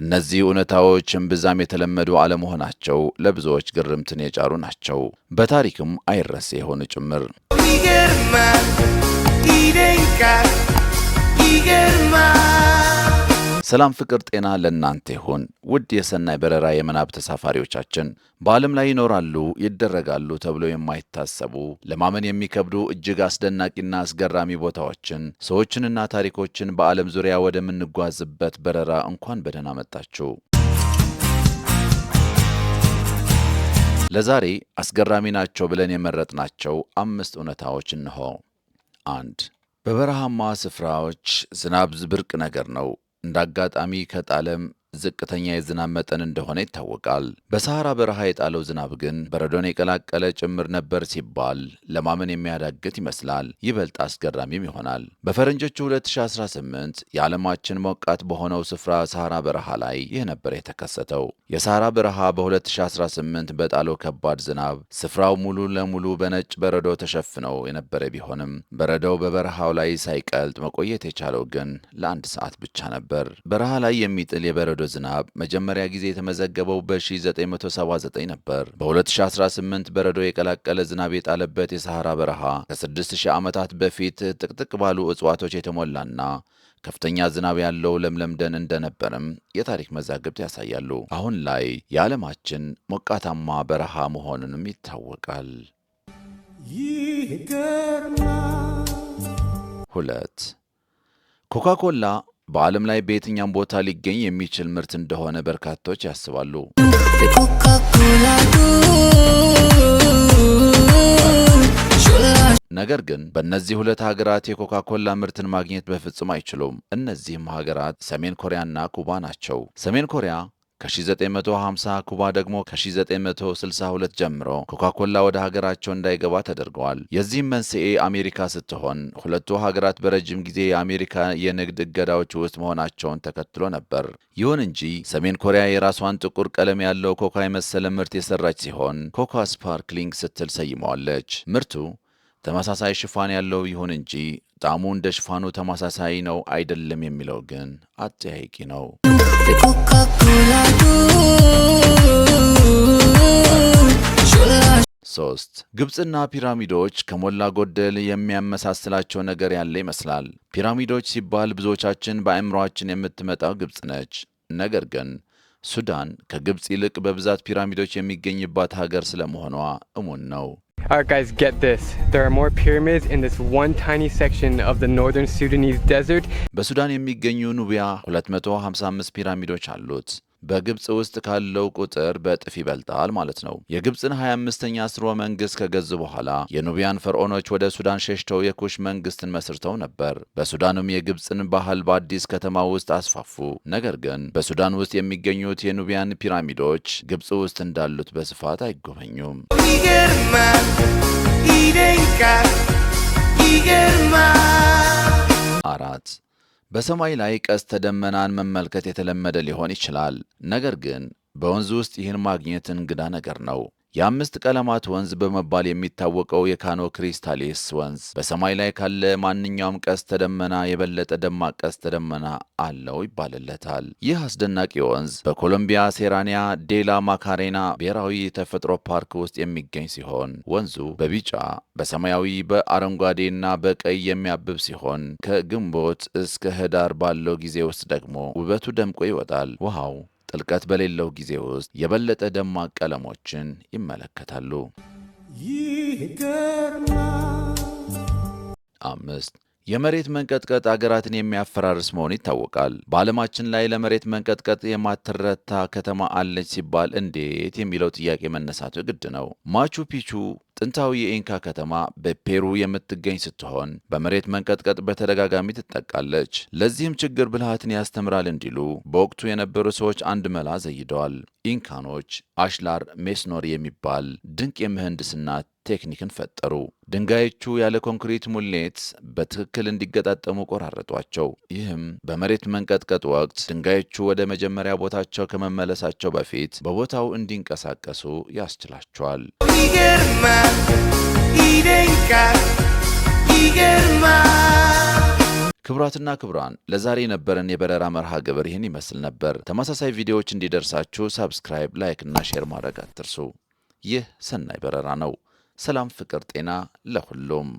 እነዚህ እውነታዎች እምብዛም የተለመዱ አለመሆናቸው ለብዙዎች ግርምትን የጫሩ ናቸው። በታሪክም አይረሴ የሆኑ ጭምር ሰላም፣ ፍቅር፣ ጤና ለእናንተ ይሁን ውድ የሰናይ በረራ የመናብ ተሳፋሪዎቻችን። በዓለም ላይ ይኖራሉ ይደረጋሉ ተብሎ የማይታሰቡ ለማመን የሚከብዱ እጅግ አስደናቂና አስገራሚ ቦታዎችን ሰዎችንና ታሪኮችን በዓለም ዙሪያ ወደምንጓዝበት በረራ እንኳን በደህና መጣችሁ። ለዛሬ አስገራሚ ናቸው ብለን የመረጥናቸው አምስት እውነታዎች እንሆ። አንድ በበረሃማ ስፍራዎች ዝናብ ብርቅ ነገር ነው። እንዳጋጣሚ ከጣለም ዝቅተኛ የዝናብ መጠን እንደሆነ ይታወቃል። በሰሐራ በረሃ የጣለው ዝናብ ግን በረዶን የቀላቀለ ጭምር ነበር ሲባል ለማመን የሚያዳግት ይመስላል። ይበልጥ አስገራሚም ይሆናል። በፈረንጆቹ 2018 የዓለማችን ሞቃት በሆነው ስፍራ ሰሐራ በረሃ ላይ ይህ ነበር የተከሰተው። የሰሐራ በረሃ በ2018 በጣለው ከባድ ዝናብ ስፍራው ሙሉ ለሙሉ በነጭ በረዶ ተሸፍነው የነበረ ቢሆንም በረዶው በበረሃው ላይ ሳይቀልጥ መቆየት የቻለው ግን ለአንድ ሰዓት ብቻ ነበር። በረሃ ላይ የሚጥል የበረዶ የበረዶ ዝናብ መጀመሪያ ጊዜ የተመዘገበው በ1979 ነበር። በ2018 በረዶ የቀላቀለ ዝናብ የጣለበት የሰሐራ በረሃ ከ6000 ዓመታት በፊት ጥቅጥቅ ባሉ እጽዋቶች የተሞላና ከፍተኛ ዝናብ ያለው ለምለም ደን እንደነበርም የታሪክ መዛግብት ያሳያሉ። አሁን ላይ የዓለማችን ሞቃታማ በረሃ መሆኑንም ይታወቃል። ይገርማ። ሁለት ኮካ ኮላ በዓለም ላይ በየትኛም ቦታ ሊገኝ የሚችል ምርት እንደሆነ በርካቶች ያስባሉ። ነገር ግን በእነዚህ ሁለት ሀገራት የኮካ ኮላ ምርትን ማግኘት በፍጹም አይችሉም። እነዚህም ሀገራት ሰሜን ኮሪያና ኩባ ናቸው። ሰሜን ኮሪያ ከ1950 ኩባ ደግሞ ከ1962 ጀምሮ ኮካኮላ ወደ ሀገራቸው እንዳይገባ ተደርገዋል። የዚህም መንስኤ አሜሪካ ስትሆን ሁለቱ ሀገራት በረጅም ጊዜ የአሜሪካ የንግድ እገዳዎች ውስጥ መሆናቸውን ተከትሎ ነበር። ይሁን እንጂ ሰሜን ኮሪያ የራሷን ጥቁር ቀለም ያለው ኮካ የመሰለ ምርት የሰራች ሲሆን ኮካ ስፓርክሊንግ ስትል ሰይመዋለች። ምርቱ ተመሳሳይ ሽፋን ያለው ይሁን እንጂ ጣዕሙ እንደ ሽፋኑ ተመሳሳይ ነው አይደለም የሚለው ግን አጠያቂ ነው። ሶስት ግብፅና ፒራሚዶች ከሞላ ጎደል የሚያመሳስላቸው ነገር ያለ ይመስላል። ፒራሚዶች ሲባል ብዙዎቻችን በአእምሯችን የምትመጣው ግብፅ ነች። ነገር ግን ሱዳን ከግብፅ ይልቅ በብዛት ፒራሚዶች የሚገኝባት ሀገር ስለመሆኗ እሙን ነው። Alright guys, get this. There are more pyramids in this one tiny section of the northern Sudanese desert. በሱዳን የሚገኙ ኑቢያ 255 ፒራሚዶች አሉት። በግብፅ ውስጥ ካለው ቁጥር በእጥፍ ይበልጣል ማለት ነው። የግብፅን 25ኛ ስርወ መንግስት ከገዙ በኋላ የኑቢያን ፈርዖኖች ወደ ሱዳን ሸሽተው የኩሽ መንግስትን መስርተው ነበር። በሱዳንም የግብፅን ባህል በአዲስ ከተማ ውስጥ አስፋፉ። ነገር ግን በሱዳን ውስጥ የሚገኙት የኑቢያን ፒራሚዶች ግብፅ ውስጥ እንዳሉት በስፋት አይጎበኙም። ይገርማል፣ ይደንቃል፣ ይገርማል በሰማይ ላይ ቀስተ ደመናን መመልከት የተለመደ ሊሆን ይችላል፣ ነገር ግን በወንዝ ውስጥ ይህን ማግኘት እንግዳ ነገር ነው። የአምስት ቀለማት ወንዝ በመባል የሚታወቀው የካኖ ክሪስታሌስ ወንዝ በሰማይ ላይ ካለ ማንኛውም ቀስተ ደመና የበለጠ ደማቅ ቀስተ ደመና አለው ይባልለታል። ይህ አስደናቂ ወንዝ በኮሎምቢያ ሴራኒያ ዴላ ማካሬና ብሔራዊ የተፈጥሮ ፓርክ ውስጥ የሚገኝ ሲሆን ወንዙ በቢጫ በሰማያዊ በአረንጓዴና በቀይ የሚያብብ ሲሆን ከግንቦት እስከ ህዳር ባለው ጊዜ ውስጥ ደግሞ ውበቱ ደምቆ ይወጣል። ውሃው ጥልቀት በሌለው ጊዜ ውስጥ የበለጠ ደማቅ ቀለሞችን ይመለከታሉ። አምስት የመሬት መንቀጥቀጥ አገራትን የሚያፈራርስ መሆኑ ይታወቃል። በዓለማችን ላይ ለመሬት መንቀጥቀጥ የማትረታ ከተማ አለች ሲባል እንዴት የሚለው ጥያቄ መነሳቱ ግድ ነው። ማቹ ፒቹ ጥንታዊ የኢንካ ከተማ በፔሩ የምትገኝ ስትሆን በመሬት መንቀጥቀጥ በተደጋጋሚ ትጠቃለች። ለዚህም ችግር ብልሃትን ያስተምራል እንዲሉ በወቅቱ የነበሩ ሰዎች አንድ መላ ዘይደዋል። ኢንካኖች አሽላር ሜስኖር የሚባል ድንቅ የምህንድስና ቴክኒክን ፈጠሩ። ድንጋዮቹ ያለ ኮንክሪት ሙሌት በትክክል እንዲገጣጠሙ ቆራረጧቸው። ይህም በመሬት መንቀጥቀጥ ወቅት ድንጋዮቹ ወደ መጀመሪያ ቦታቸው ከመመለሳቸው በፊት በቦታው እንዲንቀሳቀሱ ያስችላቸዋል። ይገርማል፣ ይደንቃል። ክቡራትና ክቡራን ለዛሬ የነበረን የበረራ መርሃ ግብር ይህን ይመስል ነበር። ተመሳሳይ ቪዲዮዎች እንዲደርሳችሁ ሳብስክራይብ፣ ላይክ እና ሼር ማድረግ አትርሱ። ይህ ሰናይ በረራ ነው። ሰላም፣ ፍቅር፣ ጤና ለሁሉም